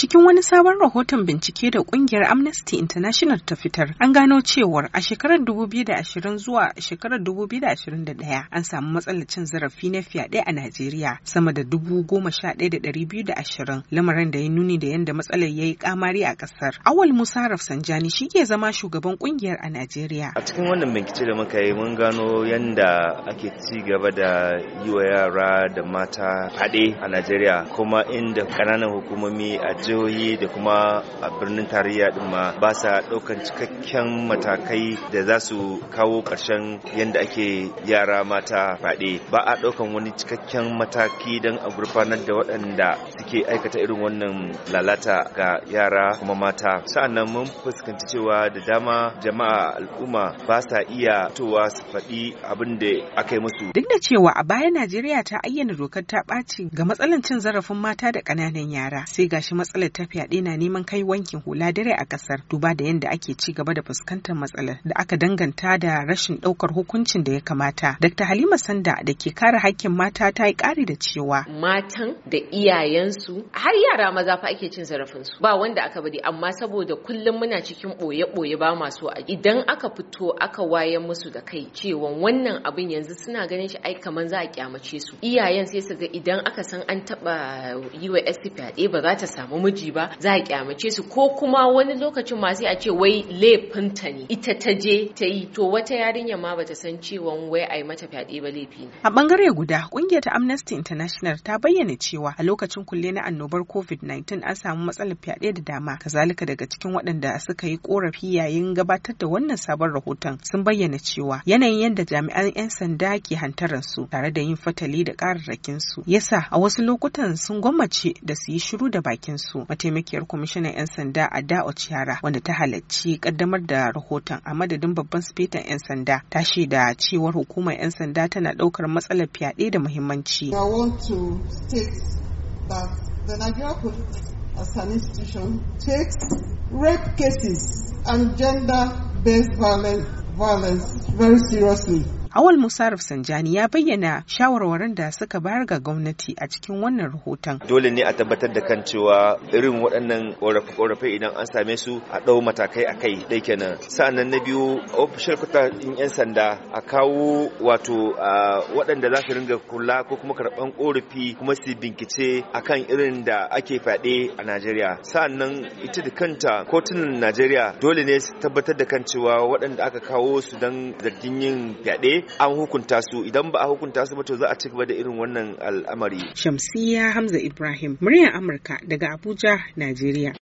Cikin wani sabon rahoton bincike da kungiyar Amnesty International ta fitar, an gano cewar a shekarar 2020 zuwa shekarar 2021 an samu matsalar cin zarafi na fyaɗe a Najeriya sama da 11,220 lamarin da ya nuni da yadda matsalar ya yi kamari a kasar Awal Musa Rafsanjani shi ke zama shugaban kungiyar a Najeriya. A cikin wannan bincike da muka yi mun gano yadda ake ci gaba da yi wa yara da mata fade a Najeriya kuma inda ƙananan hukumomi a jihohi da kuma a birnin tarayya din ma ba sa ɗaukan cikakken matakai da za su kawo karshen yadda ake yara mata faɗe ba a ɗaukan wani cikakken mataki don a gurfanar da waɗanda suke aikata irin wannan lalata ga yara kuma mata sa'annan mun fuskanci cewa da dama jama'a al'umma ba sa iya fitowa su faɗi abin da aka yi musu duk da cewa a baya najeriya ta ayyana dokar ta ɓaci ga matsalan cin zarafin mata da ƙananan yara sai gashi matsalan matsalar ta fyaɗe na neman kai wankin hula dare a kasar. duba da yadda ake ci gaba da fuskantar matsalar da aka danganta da rashin ɗaukar hukuncin da ya kamata. Dr. Halima Sanda da ke kare hakkin mata ta yi kari da cewa. Matan da iyayensu har yara maza fa ake cin su? ba wanda aka bari amma saboda kullum muna cikin boye-boye ba masu a idan aka fito aka wayan musu da kai cewa wannan abin yanzu suna ganin shi ai kamar za a kyamace su iyayen sai su ga idan aka san an taba yi wa fyaɗe ba za ta samu namiji ba za a kyamace su ko kuma wani lokacin ma sai a ce wai laifinta ne ita ta je ta yi to wata yarinya ma bata san cewa wai ai mata fyaɗe ba laifi ne. A bangare guda kungiyar ta Amnesty International ta bayyana cewa a lokacin kulle na annobar COVID-19 an samu matsalar fyaɗe da dama kazalika daga cikin waɗanda suka yi korafi yayin gabatar da wannan sabon rahoton sun bayyana cewa yanayin yadda jami'an 'yan sanda ke hantaran su tare da yin fatali da ƙararrakin su yasa a wasu lokutan sun gwammace da su yi shiru da bakin su mataimakiyar kwamishinan 'yan sanda a Da'o Ciara wanda ta halarci kaddamar da rahoton a madadin babban sifetan 'yan sanda ta shaida cewar hukumar 'yan sanda tana ɗaukar matsalar fyaɗe da muhimmanci. as an institution takes rape cases and gender-based violence, violence very seriously. Awal Musarraf Sanjani ya bayyana shawarwarin da suka bayar ga gwamnati a cikin wannan rahoton. Dole ne a tabbatar da kan cewa irin waɗannan ƙorafe-ƙorafe idan an same su a ɗau matakai a kai ɗai kenan. Sa'annan na biyu ofishar kuta in 'yan sanda a kawo wato waɗanda za su ringa kula ko kuma karɓan ƙorafi kuma su a akan irin da ake fyaɗe a Najeriya. Sa'annan ita da kanta kotunan Najeriya dole ne su tabbatar da kan cewa waɗanda aka kawo su don zargin yin fyaɗe an hukunta su idan ba a hukunta su ba to za a ci gaba da irin wannan al'amari. Shamsiya Hamza Ibrahim, muryar Amurka daga Abuja, Najeriya.